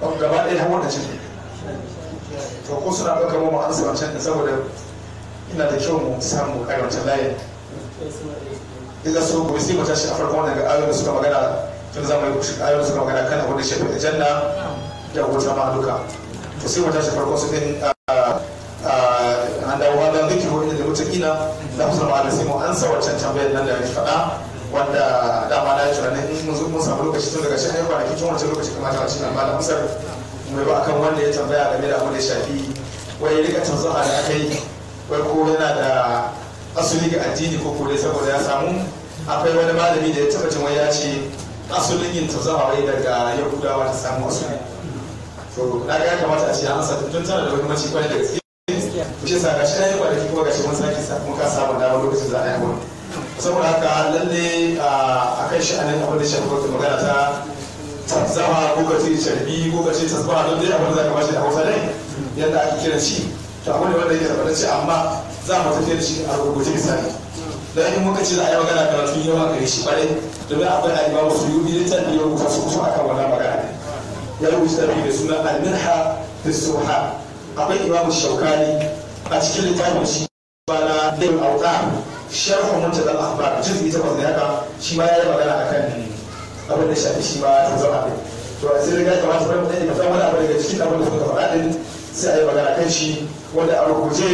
don gaba ɗaya har wannan cikin to ko suna ga kamar mu ansa wancan da saboda ina da kyau mu samu kai wancan layin idan so gobe sai mu tashi a farkon daga ayoyin suka magana tun za mu yi ayoyin suka magana kan abin da shafi aljanna da wuta ma duka to sai mu tashi farkon su ɗin a an dawo da zikiru inda da mutakina da musulma da sai mu ansa wancan tambayar nan da ya faɗa wanda dama na yi ne in mun zo mun samu lokaci tun daga shi ne kwanaki tun wancan lokaci kamata a ci amma da musar mai ba akan wanda ya tambaya game da abin da shafi wai ya rika canzon da aka yi wai ko yana da asali ga addini ko kore saboda ya samu akwai wani malami da ya taba jin ya ce asalin yin canzon wai daga yahudawa ta samu asali to na ga ya kamata a ce an sa tun tana da muhimmanci kwarai da gaske kuce sa shi na yi da kuma gashi mun sake sa kuma ka samu damar lokacin za a yi saboda haka lalle a kan sha'anin abin da shafi wata magana ta zama ko kace ce sharbi ko kace ce don dai abin da ka bashi da hausa dai yadda ake kiran shi to abin da wanda yake tabbatacce amma za mu tafi da shi a rubuce misali dan in muka ce za a yi magana karatu yawa gare shi bare domin akwai a imamu su yi littafi ya ka su su aka wannan magana ya rubuta da suna al-minha fi suha akwai imamu shaukani a cikin littafin shi bana da auka sharhun wacce da akhbar juz'i ta wanda haka shi ma yayi magana akan abin da shafi shi ma zama din to a sai ga kamar sai mutum ya fara wani abu daga cikin abin da suka faɗa din sai a yi magana kan shi wanda a rubuce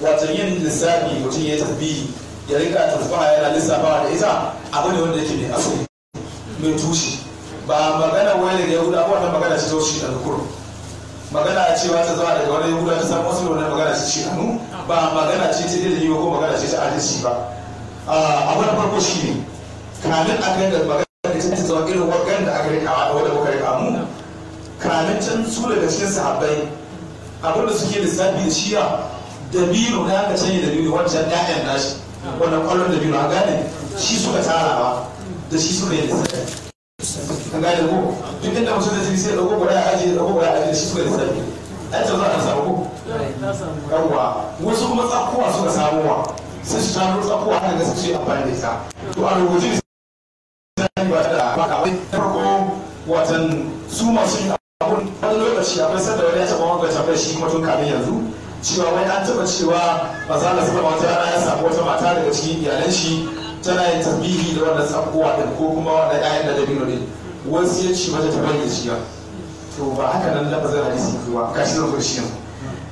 wato yin lissafi mutum ya tasbihi ya rika tasbaha yana lissafawa da ita abu ne wanda yake mai asali mai tushe ba magana wani daga yahuda ba wannan magana ce ta shi da kurum magana cewa ta zama daga wani yahuda ta samu wasu wannan ce hannu ba magana ce ta dalili ba ko magana ce ta adalci ba ah, abu na farko shi ne kamin a kan da magana da ta zama irin wakan da aka rika a wadda muka rika mu kamin can su daga cikin sahabbai abinda suke lissafi da shiya dabino na aka canye dabino wancan ɗayan nashi wannan kwallon dabino a gane shi suka tara ba da shi suka yi lissafi an gane ko duk inda mutum da jini sai da ɗauko gwada a ajiye da ɗauko gwada a ajiye shi suka lissafi an ce a samu yawa wasu kuma tsakowa suka samuwa sun shi tano tsakowa ana gasa ce amfani da ita to a rubuce ne ba da baka wai farko watan su masu yi abun wani lokaci akwai sanda wani ya taɓa wanga tafiya shi kuma tun kamin yanzu cewa wai an taɓa cewa ba za ka saba wata yara ya samu wata mata daga cikin iyalan shi tana yin tasbihi da wannan tsakowa din ko kuma wannan ƴaƴan da dabino ne wasu ya ce mata ta bayyana shi to ba haka nan lafazin hadisi kuwa kashi zan zo shi yanzu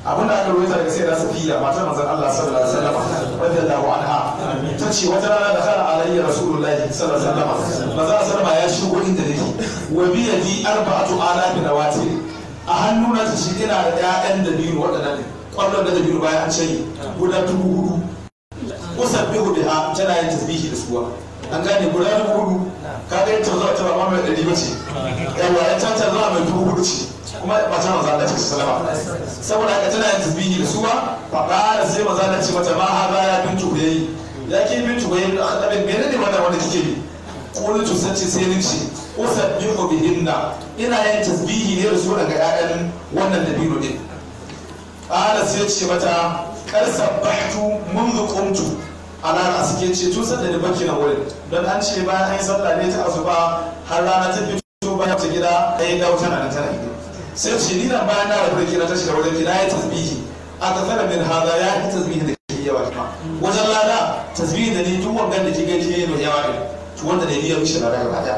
abin da aka rubuta da sai da safiya matar manzon Allah sallallahu alaihi wasallam radiyallahu anha ta ce wata rana da kana alayya rasulullahi sallallahu alaihi wasallam manzon sallama ya shigo inda nake wa bi yadi arba'atu alaf nawatir a hannuna ta shi ina da ƴaƴan da biyu waɗannan Kwallon da biyu bayan an shayi guda dubu hudu kusan bihu da ha tana yin tasbihi da suwa an gane guda dubu hudu ka ga yin tazara ta ba mai ɗari ba ce yawa ya ta tazara mai dubu hudu ce kuma mace maza Allah cikin salama saboda haka tana yin tasbihi da suwa fa qala sai maza cikin ce mata ma ba ya bintu yayi yake bintu yayi da Allah menene wannan wanda kike bi kullu sace sai ni ce bi bihinna ina yin tasbihi ne da su daga ƴaƴan wannan dabino din qala sai ce mata kar sabbahtu منذ qumtu ana a suke ce tun sanda da baki na wurin don an ce bayan an yi sallah ne ta azuba har rana ta fito bayan ta gida ta yi dawo tana da tana gida sai ce ni nan bayan na rabu da ke na tashi da wajen kina ya tasbihi a tafara min haza ya yi tasbihi da ke yawa ta wajen lada tasbihi da ni duk wannan da ke gaji ya yi yawa ne to wanda ne ni ya rushe na daga baya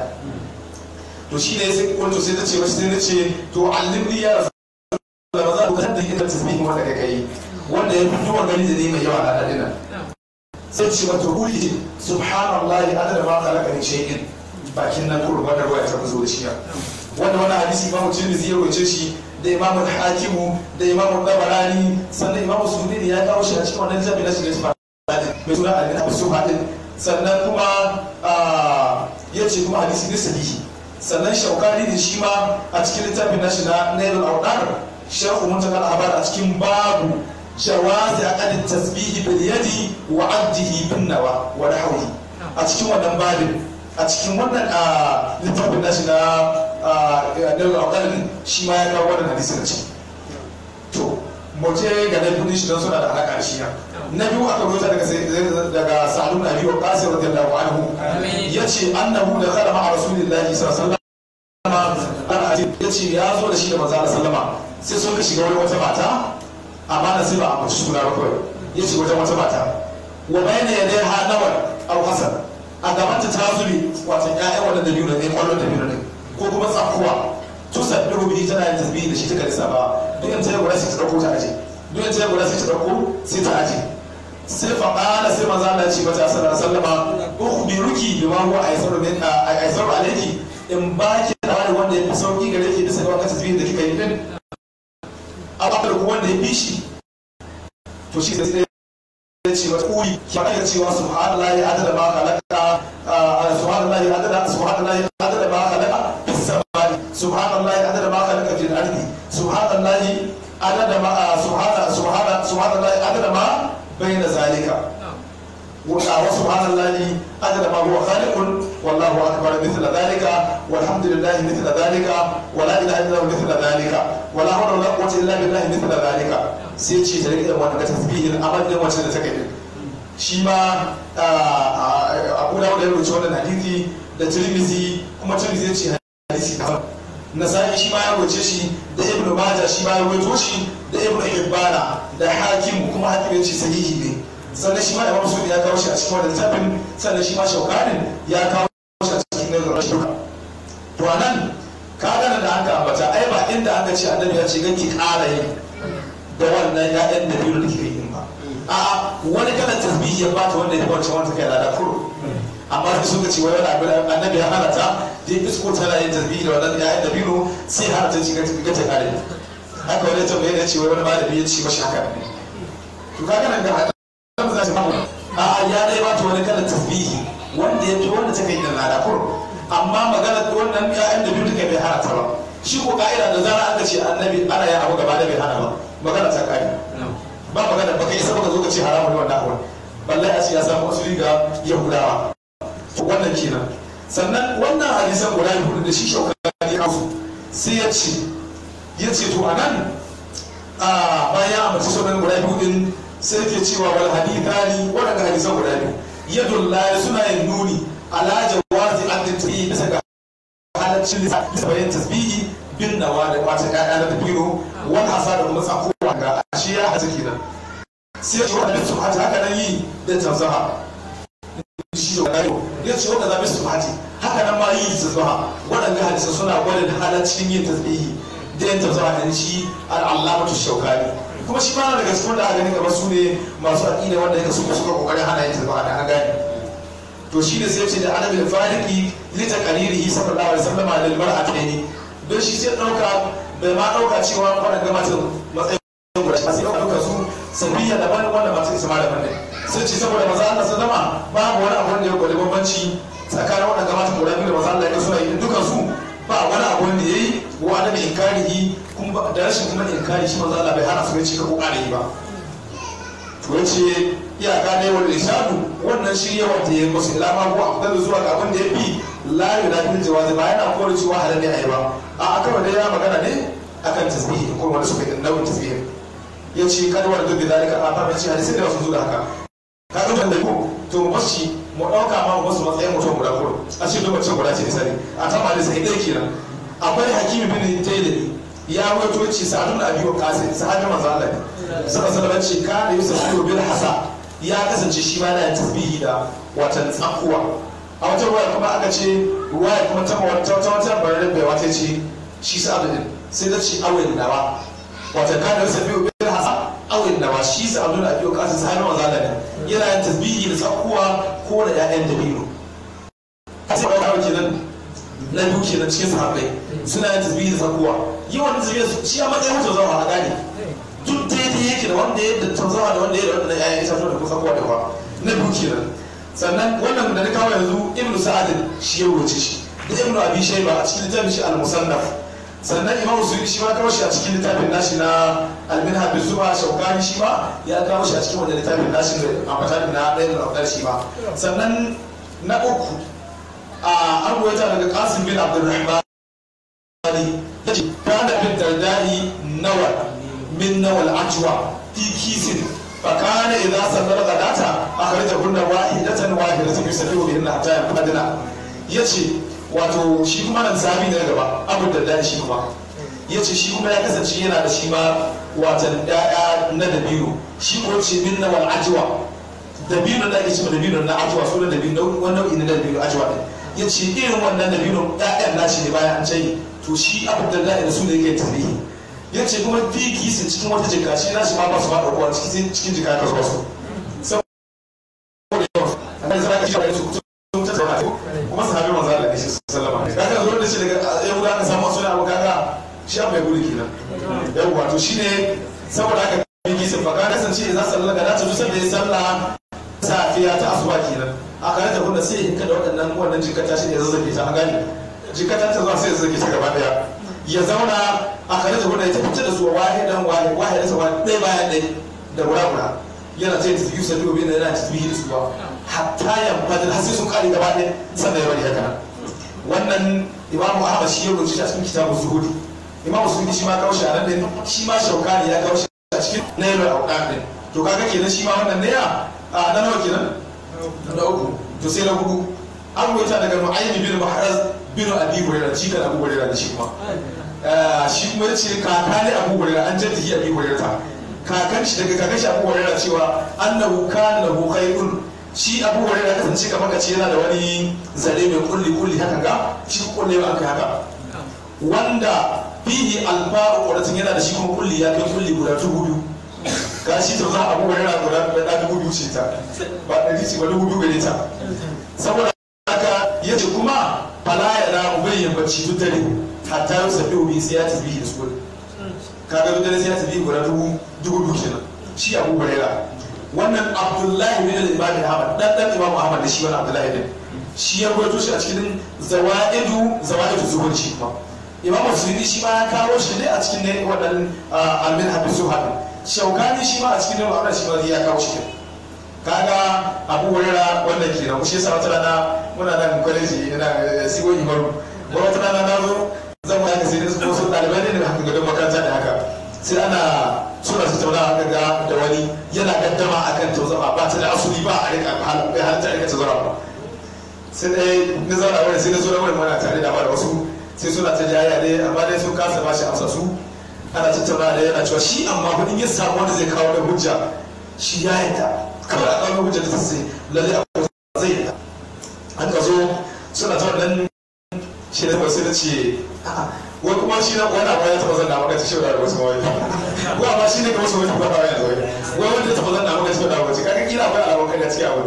to shi ne sai kuntu sai ta ce mashi sai ta ce to allimni ya rasu da ba za ku kan da ke da tasbihi wanda ka kai wanda ya fi wannan da ne mai yawa a dadin sai ce mata ruhi subhanallahi adada ma khalaqa min shay'in bakin nan kurwa da ruwa ta zo da shi wanda wani hadisi imamu tirmidhi ya rawace shi da imamu hakimu da imamu dabarani sannan imamu sunni ya kawo shi a cikin wannan jami'a shi ne mai suna al-abu suhadin sannan kuma ya ce kuma hadisi ne sahihi sannan shaukani ne shi ma a cikin littafin nashi na nailul awdar mun muntakal ahbar a cikin babu jawazi aqad tasbihi bil yadi wa addihi bin nawa wa nahwihi a cikin wannan babin a cikin wannan littafin nashi na a ƙarni shi ma ya kawo wannan hadisin ce to mace ga na kudin shi don suna da alaƙa shi ya na biyu aka rota daga daga sa'adun na biyu ƙasir radiyallahu anhu ya ce annahu da zalama a rasulillahi sallallahu alaihi wasallam ya ce ya zo da shi da manzo sallama sai sun ka shiga wani wata mata amma na sai ba a mace suna ba kawai ya ce wajen wata mata wa bayyana ya dai hanawar al-hasan a gabanta ta zubi wato ƴaƴan wannan da biyu da ne kwallon da biyu da ne. ko kuma tsakuwa to sabbi rubi tana yin tasbihi da shi ta karisa ba duk an tsaya gura sai ta dauko ta aje duk an tsaya gura sai ta dauko sai ta aje sai fa qala sai manzo Allah ce mata sallallahu alaihi wasallam ukhbiruki bima huwa aysaru min aysaru alayki in ba ki da wani wanda yafi sauki gare ki da sai wannan tasbihi da kika yi din a ba ku wanda ya fi shi to shi sai cewa kuri ki faɗa cewa subhanallahi adada ma khalaqa subhanallahi adada subhanallahi adada ma khalaqa subhanallahi adada ma khalaqa fil ardi subhanallahi adada ma ah, subhana subhana subhanallahi adada ma bayna zalika wa subhanallahi adada ma huwa khaliqun wallahu akbar mithla dhalika walhamdulillahi mithla dhalika wa la ilaha illa mithla dhalika wa la hawla wa la quwwata illa billahi mithla dhalika sai ce ta rike wannan tasbihin abadin wacce da take din shi ma ah, ah, abu da wadda ya rubuce wannan hadisi da kuma tirmizi ya ce nasa'i shi ma ya roce shi da ibnu majah shi ma ya roce shi da ibnu hibbana da hakim kuma hakim ya ce sahihi ne sannan shi ma imam sudi ya kawo shi a cikin wannan littafin sannan shi ma shaukanin ya kawo shi a cikin nazarin shauka to anan ka gana da haka ambata ai ba inda aka ce annabi ya ce ganki ƙara yi da wannan ya'yan da biyu da kike yi ba a'a wani kalan tasbihi ya bata wanda ya bata wanda kai lada kuro amma da suka ce wai wani annabi ya hana ta dai isko tana yin tarbi da wannan ya da biro sai har ta shiga ta ta kare haka wani ta da ce wani malami ya ce mashi haka to kaga nan ga hadisi za ta mamu a ya dai ba ta wani kalan tasbihi wanda ya fi wanda ta kai da lada amma magana wannan ya'yan da ta take bai hana ta ba shi ko ka'ida da zara aka ce annabi ana ya abu gaba da bai hana ba magana ta kare ba magana ba kai sai ka zo ka ce haramun wannan abu balle a ce ya samu usuli ga yahudawa wannan kenan sannan wannan hadisan guda hudu da shi shaukani afu sai ya ce ya ce to anan a bayan a mace sunan guda biyu din sai yake cewa wal hadithani waɗanda hadisan guda biyu yadun lari suna yin nuni ala jawazi addati bisa ga halaccin lissa bayan tasbihi bin nawa da wata ƴaƴa na dabino wani hasa da kuma A ga ashiya a ciki nan sai ya ce wani wa hadisu haka nan yi da tanzaha ciwo gayo ya ce wanda zaɓi su fati haka nan ma yi tasbaha waɗanda hadisa suna gwada da hala cikin yin tasbihi da ta zuwa ɗin shi al'alamatu shaukani kuma shi ma daga cikin da ganin kamar su ne masu aƙida wanda yake suka suka kokarin hana yin tasbihi da an gane to shi ne sai ce da adabil fariki li taqaririhi sallallahu alaihi wasallam lil mar'atayn don shi sai ɗauka bai ma ɗauka cewa waɗanda matan matsayin guda sai dauka su sabiya daban wanda matan isa ma daban ne sun ce saboda maza Allah sun zama babu wani abu da ya kwali bambanci tsakanin gama ta kura biyu da maza Allah ya suna yi dukan su ba wani abu da ya yi wa da mai yi kuma da rashin kuma inkari shi maza Allah bai hana su ne ce ka yi ba to ya ce iyaka ne wal irshadu wannan shi wanda ya musu ila ma ko da zuwa ga abin da ya fi da yudafil jawazi ba yana kore cewa halal ne yi ba a akan da ya magana ne akan tasbihi ko wani suka yi nau'in tasbihi ya ce kadawar duk da zalika a ta ce hadisi da wasu zuwa haka ka ga da ko to mu bashi mu dauka ma mu basu matsayin mutum guda kurum a cikin lokacin guda ce misali a tama da sai dai kenan akwai hakimi bin tayyib ya wato ci sa'adun abi wa qasim sahabin manzo Allah ne sallallahu alaihi wasallam ce ka da yusuf bin hasa ya kasance shi ma yana tasbihi da watan tsakuwa a wata waya kuma aka ce ruwa ya kuma ta wata wata wata bayanin bai wata ce shi sa'adun sai da ci awai da ba watan ka da yusuf awin da ba shi sa abdul abi waqas sai na da ne yana yin tasbihi da sakuwa ko da ƴaƴan dabino sai ba ta kenan na biyu nan cikin sahabbai suna yin tasbihi da Yi wani tasbihi su ci a matsayin hoto zama a gane duk daidai yake da wanda ya da zama da wanda ya da wanda ƴaƴan itatuwa da kusa kowa da kwa na biyu nan. sannan wannan da na kawo yanzu ibnu sa'adin shi ya wuce shi da ibnu abi shayba a cikin littafin shi al-musannaf sannan imam suyuti shi ma kawo shi a cikin littafin nashi na alminha Habib zuba shaukani shi ma ya kawo shi a cikin wanda littafin nashi da ambata na ɗaya da ɗaukar shi ma sannan na uku a an goyata daga qasim bin abdurrahman yace kana bin dardai nawa min nawal ajwa fi kisin فكان إذا صلى الغداة أخرجهن واحدة واحدة يسلم بهن حتى Ya ce. wato shi kuma nan sami na gaba abu da dan shi kuma ya ce shi kuma ya kasance yana da shi ma watan ɗaya na dabino shi ko ce min na wal ajiwa dabino na ɗaya ce dabino na ajiwa sunan na wani nau'i na dabino ajiwa ne ya ce irin wannan dabino na shi ne baya an canyi to shi abu da da su ne yake tarihi ya ce kuma fi sun cikin wata jika shi shi ma ba su ba ɗaukowa cikin jika ka zuwa su. shi ba su da shi daga yahuda aka samu suna abu kaga shi a abu yahuda kenan yau wato shi ne saboda aka haka biki sun faka kasance za su lallaka da su dusan da ya sallah safiya ta asuba kenan a kare ta kuma sai in kada waɗannan wannan jikata shi ne zazzage ta a gani jikata ta zuwa sai ya zazzage ta gaba daya ya zauna a kare ta kuma ya tafi da su wahe wahidan wahidan sa ɗaya bayan ɗaya da wura wura yana ta yi biyu biyu na yana tasbihi da su ba hatta yamma da hasi sun kare gaba ɗaya sannan ya bari haka wannan imamu ahmad shi ya rubuta shi a cikin kitabu zuhudi imamu zuhudi shi ma kaushe a nan din shi ma ne ya kaushe a cikin a awqad din to kaga kenan shi ma wannan ne ya a na nawa kenan na uku to sai na hudu an rubuta daga nu'aymi bin mahraz bin abi hurairah shi da abu hurairah shi kuma shi kuma yace kaka ne abu hurairah an jaddi abi hurairah kakan shi daga kakan shi abu hurairah cewa annahu kana lahu khairun shi abu wani ya kasance kamar ka ce yana da wani zare mai kulli kulli haka ga shi kulle ba kai haka wanda bihi alfaru ƙwararsun yana da shi kuma kulli ya kai kulli guda dubu biyu ga shi ta zuwa abu wani na guda da dubu biyu ce ta ba da ce ba dubu biyu gare ta saboda haka ya ce kuma falaya na ubai ya bacci duk dare hatta yau sabbi ubi sai ya tafi da su kaga duk dare sai ya tafi guda dubu biyu kenan shi abu wani wannan abdullahi bin al-ibadi ahmad dan dan imamu ahmad da shi wani abdullahi bin shi ya rawaito shi a cikin zawaidu zawaidu zuhuri shi kuma imamu suyuti shi ma ya kawo shi ne a cikin ne waɗannan almin habisu haɗin shaukani shi ma a cikin ne ma'amala shi ma ya kawo shi kaga abu wurera wannan ke na kushe sa wata rana muna nan kwaleji na eh, sigo imaru wata rana na zo zan mu haka sai da su ɗalibai ne da haka gadon makaranta da haka sai ana suna su tauna haka ga da wani yana gaddama kan tauzama ba ta da asuli ba a rika bai a rika ta ba sai dai na zara wani sai na da wani mana tare da bada wasu sai suna ta jaya ne amma dai sun kasa ba shi amsa su ana tattauna da yana cewa shi amma kudin ya samu wanda zai kawo da hujja shi ya yadda kawai a kawo hujja ta sai lalle a zai yadda an ka zo suna ta wannan shi da sai na ce wai kuma shi na wani abu ya taɓa zanna maka ci shaura da wasu mawai ko amma shi ne kamar su wani kuma ba ya zoye wai wanda ya taɓa zanna maka ci shaura da wasu kaga kila akwai alamokai da cikin abu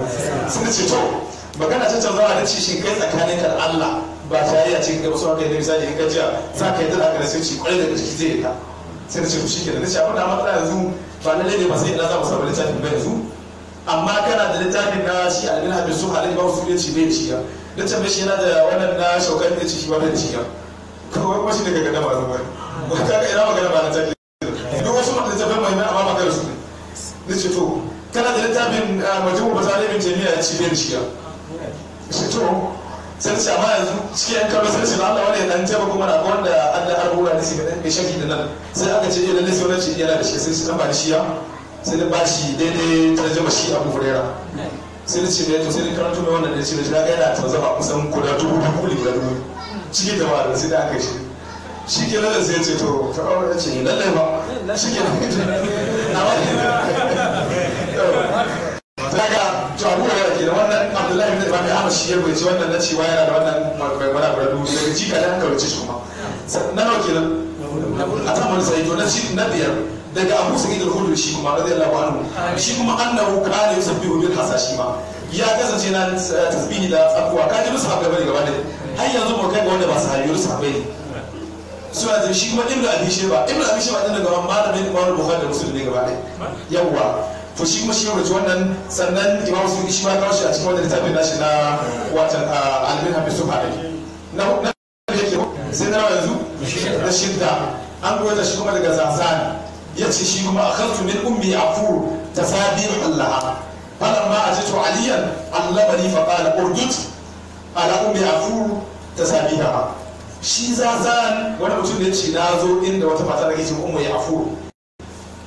sun ce to magana ta canzawa da ci shi kai tsakanin ka Allah ba ta yi a cikin gaba sun haka yadda misali in ka jiya za ka yi dala da sai ci kwarai daga ciki zai yi ta sai da ce shi ke da nace abin da matsala yanzu ba na ne ba sai ina za mu samu littafin ba yanzu amma kana da littafin na shi almin habis su halin ba su ne ci ne ciya littafin shi yana da wannan na shaukar ne ci shi ba da ya. kawai mashi daga gada ba zuwa ba ta ga ina magana ba na tafi duk wasu da ta mai na amma magana su ne ce to kana da littafin majmu ba zalai bin jami'a ya ci bin shiga ce to sai ce amma yanzu cikin yan kama sai ce na Allah wani dan jaba kuma na wanda Allah har bura ne shi ga dan shafi da nan sai aka ce eh, lalle sai wannan ce yana da shi sai shi dan ba shi ya sai da ba shi daidai tarjuma shi Abu Hurairah sai na ce ne sai na karanto wannan da shi na ga yana tanzama kusan guda dubu dubu ne guda dubu ciki da ba sai da aka shi shi ke nan sai ce to ta ɓaura ce lallai ba shi ke na wani daga to abu da yake da wannan abdullahi ba ibrahim ahmad shi ya bai wannan na cewa yana da wannan bai mana guda dubu daga jika da aka wuce shi kuma na nawa kenan a ta mun sai to na biyar daga abu su gidan hudu shi kuma radiyallahu anhu shi kuma annahu kana yusabbihu bil hasashi ma ya kasance na eh, tasbihi da tsakuwa ka ji musu haɓe bane gaba ɗaya har yanzu ba kai ga wanda ba su hayo su haɓe ne suna da shi kuma ibnu abi sheba ibnu abi sheba din daga malamin imamu bukhari da muslim ne gaba ɗaya yawwa to shi kuma shi ya rubuta wannan sannan imamu sun shi ma kawo shi a cikin wannan littafin nashi na watan ah, albin hafi su haɗe na na yake sai na yanzu da da an rubuta shi kuma daga zazani yace shi kuma a akhadtu min ummi afu tasabihan laha falamma da aliyan a fa qala urdut ala ta afu tasabihaha shi za zazan wani mutum ne ce na zo inda wata mata da ke cikin a afu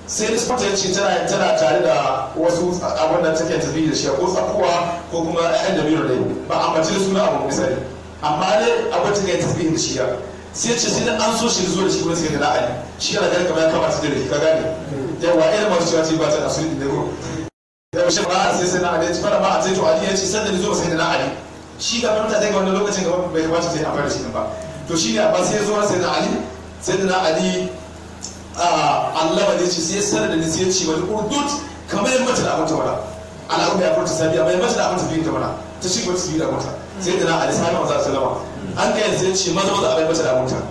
sai nisbata ya ce tana tare da wasu abin da take tafi da shi ko tsakuwa ko kuma ɗan da biyu da ba a mace da suna abu misali amma dai abin da take tafi da shi sai ce sai an so shi zuwa shi kuma sai da ra'ayi shi yana ganin kamar ya kama su da ka gane yawa irin masu cewa ce ba ta da su da ruwa da mashi ba sai sai na ci fara ma a sai to ali ya ci sanda zuwa sai da na shi ga ta zai ga wannan lokacin gaba bai kamata sai a fara shi ba to shi ne ba sai ya zo sai na ali sai da na a Allah ba ci sai sanar da ni sai ya ci wani urdut kamar yamma ta da abin wala al'aura ya furta sabiya bai mata da abin ta tawara ta shi ba ta da abin sai da na a lissafi masu salama an ka yanzu ce maza maza abai bace da mota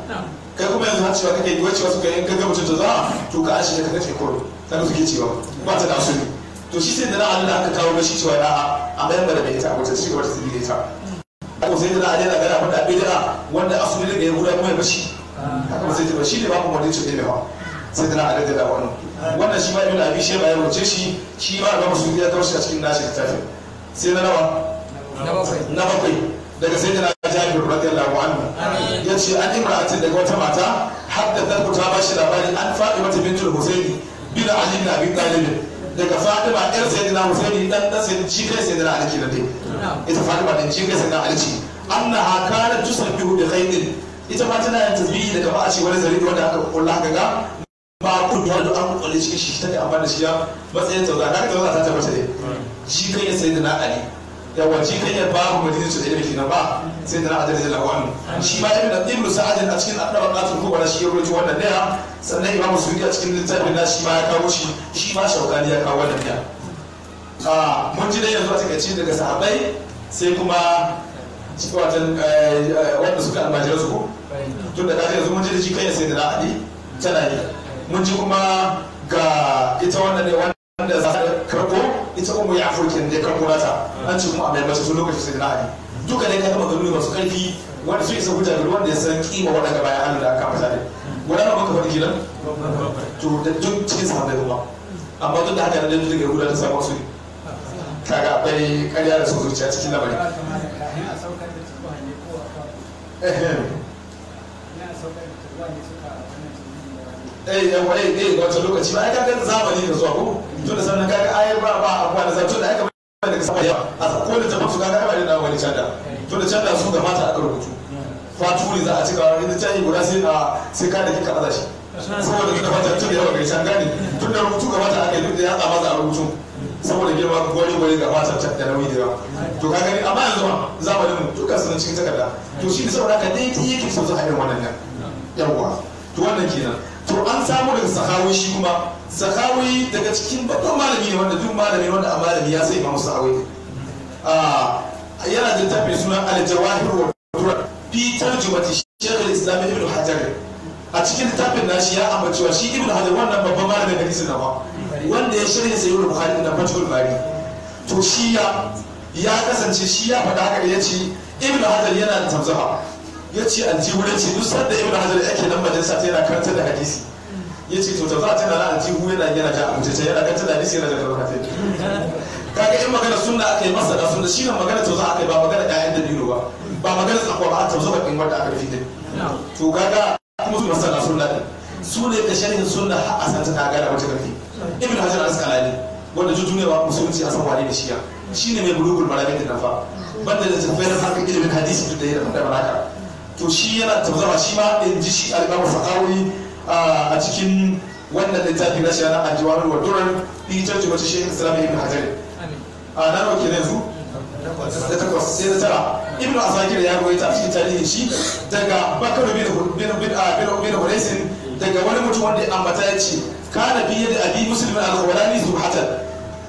kai kuma yanzu har cewa kake yiwa cewa suka yanka ga mutum ta za to ka ashe ka kace koro kaga suke cewa ba ta da ne to shi sai da na Allah aka kawo mashi cewa da a bayan da bai ta mota shi gaba ta ta ko sai da na Allah ga abin da bidira wanda asuli daga yahuda kuma ya bashi ah. haka ba sai ta ba shi ne ba kuma wani ce ne ba sai da na Allah da wannan wannan shi ma ibn abi shayba ya wuce shi shi ma ba musu ya taushe a cikin nashi littafin sai na rawa na bakwai daga sayyidina jabir radiyallahu anhu ce an imra'atin daga wata mata haddatha ku ta bashi labarin an mata fatima bintul husaini bin ali na bin abi talib daga fatima yar sayyidina husaini dan dan sayyidina shi kai sayyidina ali kenan dai ita fatima din shi kai sayyidina ali ce annaha kanat tusabbihu bi khairin ita ma tana yin tasbihi daga ba a ce wani zari wanda aka kulla aka ga ba kun ya da an kulle shi shi take amfani da shi ya matsayin tauza kaga tauza ta tabbata ne shi kai sayyidina ali yawa shi ne ya babu majalisar ilmi kenan ba sai da na ajiye da lawan shi ba ibn ibn sa'ad a cikin adab al kubra shi ya rubuta wannan ne sannan imamu suyuti a cikin littafin na shi ba ya kawo shi shi ba shaukani ya kawo wannan ne a mun ji da yanzu a takaice daga sahabbai sai kuma watan eh, wanda suka almajiran su ko tun da kaji yanzu mun ji da shi kai sai da na ali tana yi mun ji kuma ga ita wannan ne wanda za ta karko ita kuma ya afirkin da karko nata an ce kuma abin mace su lokacin sai da ali duka ne kai maganganu masu karfi wanda su isa hujja da wanda ya san kima wanda ga bayan Allah da aka fata ne wani ba ka farki nan to da duk cikin sahabbai ruwa amma duk da haka da duk da guda ta samu su kaga akwai karya da su zuciya cikin labari eh eh yawa eh dai ga wancan lokaci ba ai kaga zamani da zuwa ko to da sannan kaga ai ba ba abuwa da zato da aka ba da sama yawa a ko da jama'a su kaga ba da wani canda to da canda su ga mata aka rubutu fatu ne za a cika wani da tayi guda sai a ah, sai ka da kika aza shi saboda tun da fata tun da yawa ga canda ne tun da rubutu ga mata aka yi da ya tsama za a rubutu saboda girma gwani gwani ga mata ta da nauyi da yawa to ka gani amma yanzu ma zamanin mu dukkan sanin cikin takarda to shi ne saboda haka daidai yake so za a yi wannan yawa to wannan kenan to an samu daga sahawi shi kuma sahawi daga cikin babban malami ne wanda duk malami wanda a malami ya sai imamu sahawi ah, yana da tafi sunan aljawahir wa turan fi tarjumati shaykh al-islam ibn hajar a cikin littafin nashi ya ambacewa shi ibn hajar wannan babban malamin hadisi na ba wanda ya shirya sayyid bukhari da fatul bari to shi ya ya kasance shi ya faɗa haka ya ce ibn hajar yana da tamzaha ya ce ce duk sanda ibn hajar yake nan majalisa ta yana karanta da hadisi ya ce to tafa tana na aljihu yana yana ja abuja ta yana karanta da hadisi yana da karanta ga in magana sunna aka yi masa da sunna shi ne magana tauza aka yi ba magana ƴaƴan da dino ba ba magana tsakwa ba tauza ka in wanda aka rufe din to kaga kuma su masa da sunna din su ne ka sharhin sunna da a san ta kaga da wata karfi ibn hajar al-asqalani wanda jujunewa musulunci a san wani da shiya ne mai bulugul malamin da nafa banda da tafiyar harkar ilimin hadisi duk da yi da baraka to shi yana tabbatar shi ma in ji shi al-Imam Faqawi a cikin wannan littafi na shana a jiwarar wa durar fi shi Sheikh Islam Ibn Hajar a nan wa kenan su da takwas sai da tara ibn asakir ya goyi ta cikin tarihin shi daga bakar bin bin bin bin daga wani mutum wanda ya ambata ya ce kana biye da abi muslim al-hawlani subhatan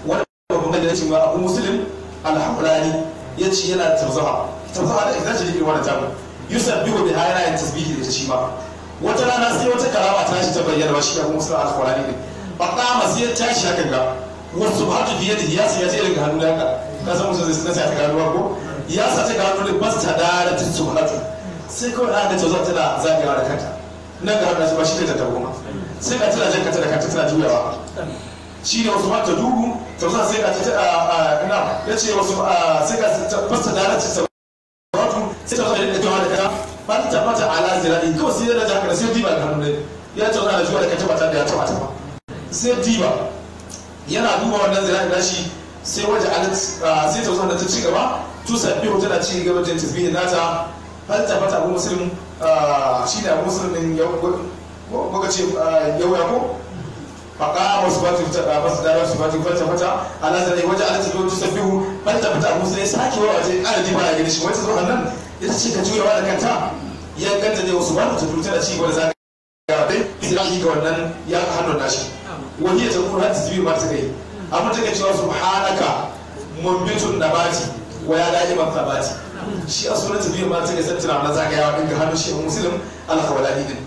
wani babban mai cewa abu muslim al-hawlani ce yana tarzaha tarzaha da idan shi ne wannan tabbata yusuf Biko da hayana ya tasbihi da shi ba wata rana sai wata karama ta shi ta bayyana ba shi ya kuma sura ne ba ta masu ya tashi haka ga wasu ba ta fiye da ya sa ya ce daga hannu da ka san musu zai sa ta gano ko ya sa ta gano da bas ta dara ta su ba sai kawai ana da tauza tana ta da kanta nan ga hannu ba shi ta ta goma sai ka tana jan ta da kanta tana juyawa shi ne wasu ba ta dubu tauza sai ka ta ina ya ce wasu sai ka bas ta dara ta sai ka fara rike da ta ba ta jama ta ala zira in kawai sai yana jaka sai diba da hannu ne ya ce wani ajuwa da ka taba ta da ta ba da ta ta tu sabbi hoto da ci gaba da tasbihin nata hal ta fata abu muslim ah, shi ah, da ita ce ka juyawa da kanta ya ganta ne wasu wani tafi tana ci wani zaka ga dai sai ga wannan ya hannun nashi wani ya tafi har tasbihu ba ta kai amma ta kai cewa subhanaka mumbitun nabati wa ya da'iman thabati shi a sunan tasbihu ba ta kai sai tana wannan zaka yawa ga hannun shi muslim al-khawlani din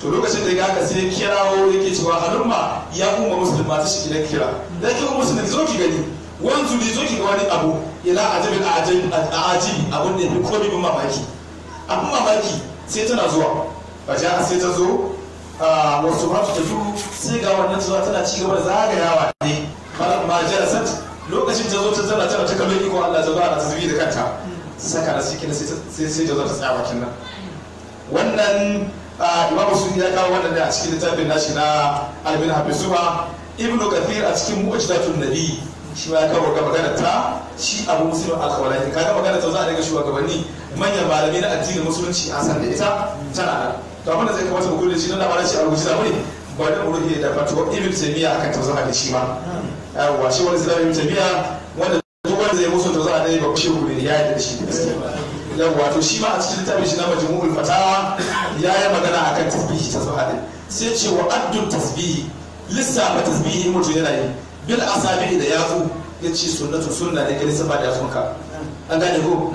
to lokacin da ya ga sai kirawo yake cewa al'umma ya kuma musulma ta shi gidan kira da ke kuma musulmi zo ki gani wanzu ne zo shiga wani abu ila azabin ajibi abun da ya fi mamaki abun mamaki sai tana zuwa ba ja sai ta zo wasu ba ta zo sai ga wannan zuwa tana ci gaba da zagayawa ne ma jarasat lokacin ta zo ta zana tana ta kallon iko Allah ta zo ta tasbi da kanta saka da kina sai sai ta zo ta tsaya bakin nan wannan imamu sun ya kawo wannan a cikin littafin nashi na albin habisuwa ibnu kafir a cikin mu'jidatun nabi shi ma ya kawo ga magana ta shi abu musulun alkawarai ka ga magana ta za a daga shugabanni manyan malami na addinin musulunci a san da ita tana nan to abin da zai kamata mu kula da shi na da shi a rubuce zamu ne bari mu rufe da fatuwar ibn taymiya akan ta za a da shi ma yawa shi wani zai ibn tamiya wanda duk wanda zai musu ta za a dai ba shi ne ya yi da shi yawa to shi ma a cikin littafin shi na majmu'ul fatawa ya yi magana akan tasbihi ta zuwa sai ce wa addu tasbihi lissafa tasbihi mutum yana yi bil asabi da yatsu ya ce sunnatu sunna da kiri ba da maka. an gane ko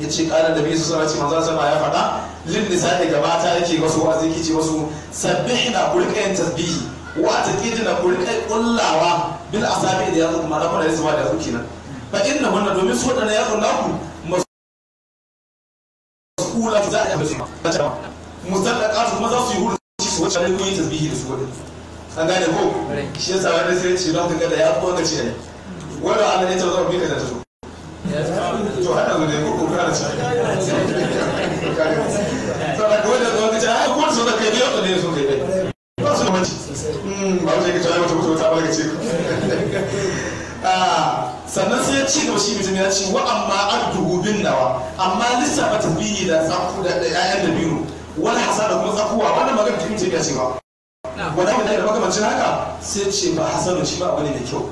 ya ce ƙarar da bisu ce manzo sama ya faɗa lin nisa'i gabata mata yake wasu wa zai kici wasu sabbihna kulqayan tasbihi wa taqidna kulqay qullawa bil asabi da yatsu kuma da kuma da ba da yatsu kenan fa inna hunna domin su da yatsu naku mas'ula za a yi musu musallaqatu kuma za su yi hurci su wacce ne kun yi tasbihi da su wadannan an gane ko shi yasa wani sai ce don kaga da ya ko ka ce wani Allah ne ta zo bi ta zo to hada mu ne ko ko kana ce sai ko da zo ka ai ko so da kai biyo da zo kai ba su mace mm ba sai ka ce wata wata ba ka ce ah sannan sai ya ci gaba shi mutum ya ce wa amma arduhu bin nawa amma lissafa tabiyi da tsaku da ƴaƴan da biyu wani hasa kuma tsakuwa wannan magana ta mutum ya ce ba wani abu da makamancin haka sai ce ba hasanu shi ba abu ne mai kyau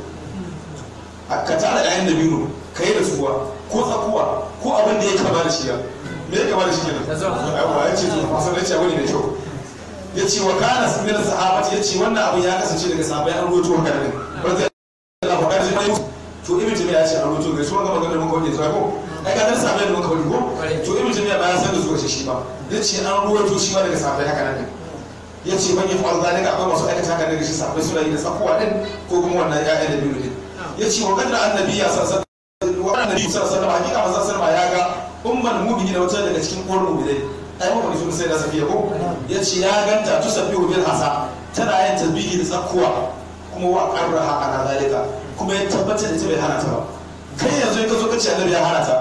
ka tara ƴaƴan da biyu ka yi da tsuwa ko tsakuwa ko abin da ya ba da shi ya me ya ba da shi kenan aiwa ya ce to hasan ya ce abu ne mai kyau ya ce wa kana sunan sahabati ya ce wannan abin ya kasance daga sahabai an roto haka ne ba zai Allah ba ji mai to ibn jami'a ya ce an roto gaisuwa ga maganar muka wani zuwa ko ai ka dan sahabai da muka wani ko to ibn jami'a ba ya san da zuwa shi ba ya ce an roto shi ba daga sahabai haka ne ya ce ban yi faru zalika akwai masu aikata haka daga shi sahabbai suna yi da tsakuwa din ko kuma wannan ya'ya da biyu din ya ce wa kanna annabi ya san wa annabi sallallahu alaihi wasallam hakika manzon sallama ya ga umman mu'mini da wata daga cikin ƙorin mu'minai ai mu sun sai da safiya ko ya ce ya ganta tusabbihu bil hasa tana yin tasbihi da tsakuwa kuma wa qarraha ala zalika kuma ya tabbatar da ta bai hana ta ba kai yanzu ka zo ka ce annabi ya hana ta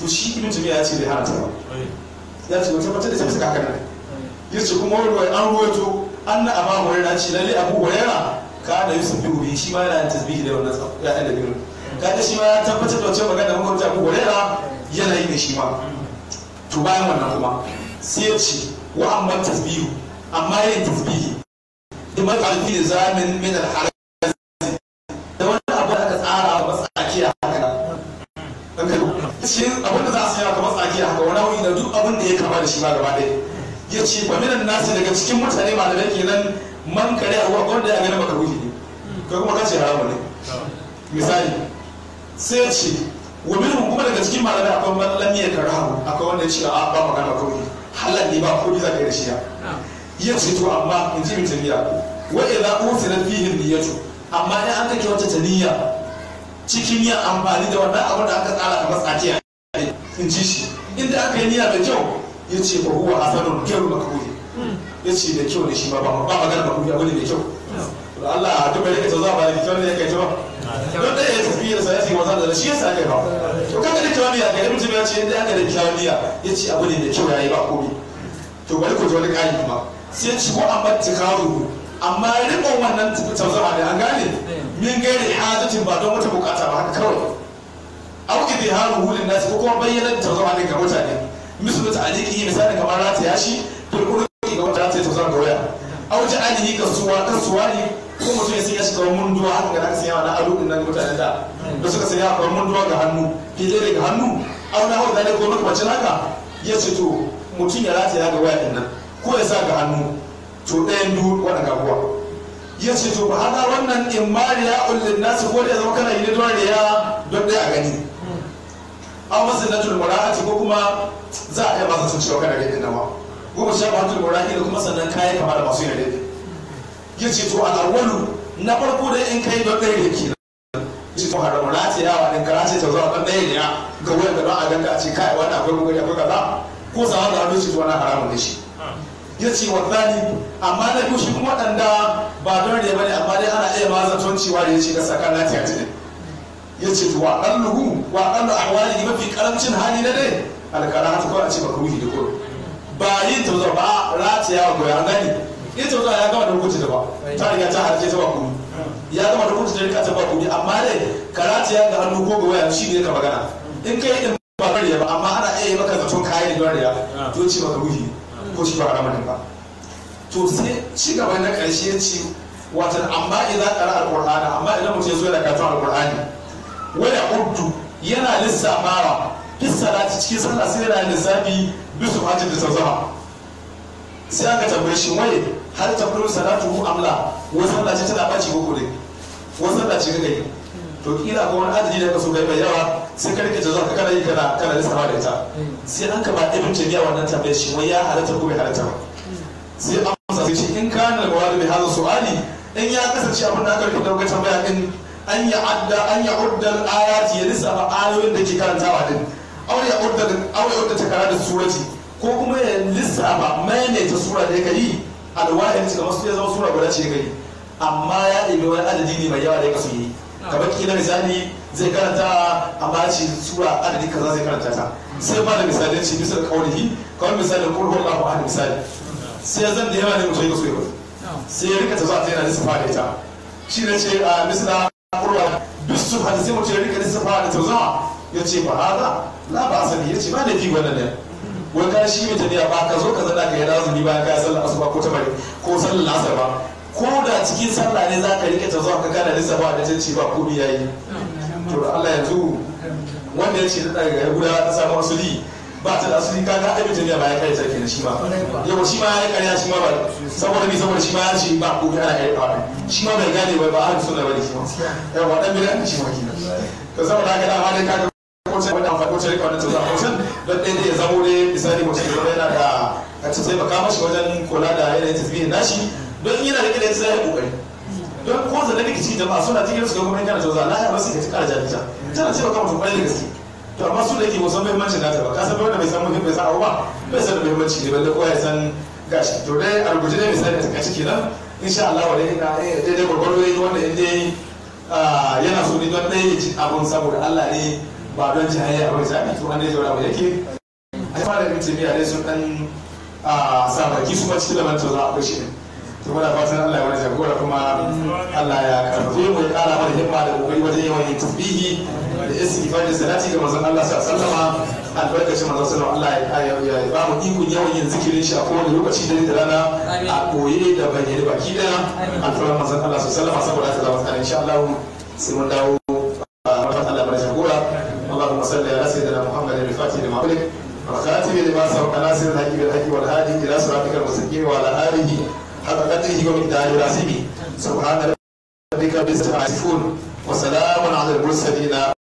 to shi ibnu tumiya ya ce bai hana ta ba ya ce wata da ta saka kan nan yace kuma wani an ruwaito an na aba hurera ce lalle abu hurera ka da yusuf bi wuri shi ma yana tasbihi da wannan ya da biyu kaga shi ma ya tabbatar da wacce magana muka rubuta abu hurera yana yi da shi ma to bayan wannan kuma sai ya ce wa amma tasbihu amma yin tasbihi imma qalbi da zamin min al da wani abu da aka tsara a matsakiya haka nan shi abin da za su yi haka matsakiya haka wani hauyi da duk abin da ya kama da shi ma gaba ɗaya ya ce ba minan nasi daga cikin mutane malamai kenan man kare a wanda ya gani maka ruhi ne ko kuma kace haramu ne misali sai ce wa minhum kuma daga cikin malamai akwai man lam ya karahu akwai wanda ya ce a ba na ruhi halal ne ba ko za ka yi shi ya ya ce to amma in ji mutum ya wa idza usila fihi niyyatu amma in an kake wata taniya cikin yin amfani da wannan abin da aka tsara a yi in ji shi inda aka yi niyya da kyau ya ce ba huwa hasanun kyau makruhi ya ce da kyau ne shi ba ba magana makruhi a wani da kyau Allah duk bai kace za ba da kyau ne ya kai ba ah, don da ya tafi ya sai wasa da shi ya kai ba to kaga da kyau ne ya kai mutum ya ce inda aka da kyau ne ya ce abu ne da kyau yayi ba komai to bari ku ji wani kai kuma sai ci ko amma tikaru amma rikon wannan tauzama ne an gane hmm. min gairi hajatin ba don wata bukata ba haka kawai auki bai haru hulun nasi ko kuma bayyana tauzama ne ga mutane Misu mislu ta'aliki misali kamar rataya shi kuma qurbi ga wata rataya ta zan goya aw ja'alihi kasuwa kasuwani ko mutum ya sanya shi kamar munduwa haka ga naka sanya wa ado din nan mutanen da da suka sanya kamar munduwa ga hannu fili ga hannu aw na hawa zalika ko makamacin haka ya ce to mutum ya rataya ga waya din nan ko ya sa ga hannu to ɗayan duhu wannan gabuwa ya ce to ba hada wannan imariya ulil nasi ko da ya zama kana yi da don ɗaya a gani an wasu na tulmura a ko kuma za a iya masu sun cewa kada daidai nawa goma sha ba tulmura da kuma sannan kayan kama da masu yin daidai ya ce to al'awwalu na farko dai in kai don ɗaya da ke Ya ce to haramu yawa ɗin kara ce ta zuwa ɗan ɗaya ne ya ga wani da ba a ganga a ce kai wani akwai bugari akwai kaza ko sa wani abin ce to wani haramun ne shi ya ce wa zani amma na biyu shi kuma waɗanda ba don ne ba ne amma dai ana iya zaton cewa da ya ce ka saka lati ta ne ya ce wa ɗalluhu wa ɗallu ne mafi karamcin hali na dai alƙara ta kawai a ce ba makaruhi da kawai ba yin tauza ba rataya wa goyon gani yin tauza ya gama da hukunci da ba ta riga ta harje ta ba kuri ya gama da hukunci da rika ta ba kuri amma dai karatu ya ga hannu ko goya shi ne ka magana in kai din ba bariya ba amma ana iya maka zato kayan da bariya to ce makaruhi ko shi ba haramun ba to sai ci gaba na ƙarshe ya ce watan amma idan ƙara alƙur'ani amma idan mutum ya zo da karatun alƙur'ani waya uddu yana lissafawa duk salati cikin sallah sai yana lissafi bisu haji da tazara sai aka tambaye shi waye har ta kullu salatu amla wasu sallah ce tana baci ko kure wasu sallah ce kake to kila ko wani adadi da ka so bai mai yawa sai ka rike ka kana yi kana kana lissafa da ita sai an ka ba ibn tabiya wannan tambaye shi waya ya halatta ko bai halatta ba sai amsa sai shi in kana da wani bai hadha su'ali in ya kasance abin da aka rike daukar tambaya in an ya adda an ya uddal ayati ya lissafa ayoyin da ke karantawa din aure ya uddal aure ya uddal da surati ko kuma ya lissafa maimaita sura da yake yi alwahid kamar su ya zama sura guda ce yake amma ya ɗebi wani adadi ne mai yawa da yake so yi kamar kila misali zai karanta amma ce sura adadi kaza zai karanta ta sai ba da misalin ce bisa kaulihi kamar misalin kulhu Allahu ahad misali sai ya zan da yawa ne mutum ya so yi sai ya rika ta zuwa ta yana lissafa da ita shi ne ce a ah, misla kurwa duk su hada sai mace rika nisa da tauzawa ya ce ba haza la ba asali ya ce ba da fi wannan ne wani ka shi mai tafiya ba ka zo ka zana ka yi razumi bayan ka yi sallar asuba ko ta bari ko sallar asar ba ko da cikin sallah ne za ka rike tauzawa ka gana nisa da ta tanci ba kuɗi ya yi to Allah yanzu wanda ya ce na ɗaga guda ta samu asali ba ta da asali kaga ai mutum ba ya kai ta kenan shi ba yau shi ma ya karya shi ma ba saboda ni saboda shi ma ya ce ba ko ga ana kai ba shi ma bai gane ba ba an sunna bane shi ma yau wadan bi da shi ma kina to saboda haka da ba dai kaga wannan fa ko kotun rika wannan tuzar kotun don dai ya zamo ne misali mutum ya zama yana da a ce sai ba taimaka mashi wajen kula da yanayin tafiya nashi don yana da kidan ya kokari don ko zanen kici jama'a suna cikin su ga gwamnati na tuzar na ya rasu ka ci kara jami'a tana taimaka mutum kwarai da gaske to amma su da ke musan muhimmancin nata ba kasan wanda bai san muhimmancin sa abu ba bai san muhimmanci ne balle ko ya san gashi to dai a rubuce dai misali ta kaci kenan insha Allah wala ina eh, dai dai gwargwaro yayi wanda in dai ah, yana so ni don dai ji abun saboda Allah ne ba don ci jahayya ba zabi to an dai jawara ba yake a fara da mutum ya dai sun dan ah, a baki su ma cikin lamarin to za a kushe to muna fatan Allah ya wani jagora kuma Allah ya karfe mu ya kara mana himma da kokari wajen yawan yin tasbihi istighfari salati ga manzon Allah sallallahu alaihi albarkacin manzon sallallahu Allah ya ya ba mu ikon yawan yin zikirin shi a kowane lokaci da rana a boye da bayyane baki daya alfarman mazan Allah sallallahu alaihi saboda ta zama insha Allah sai mun dawo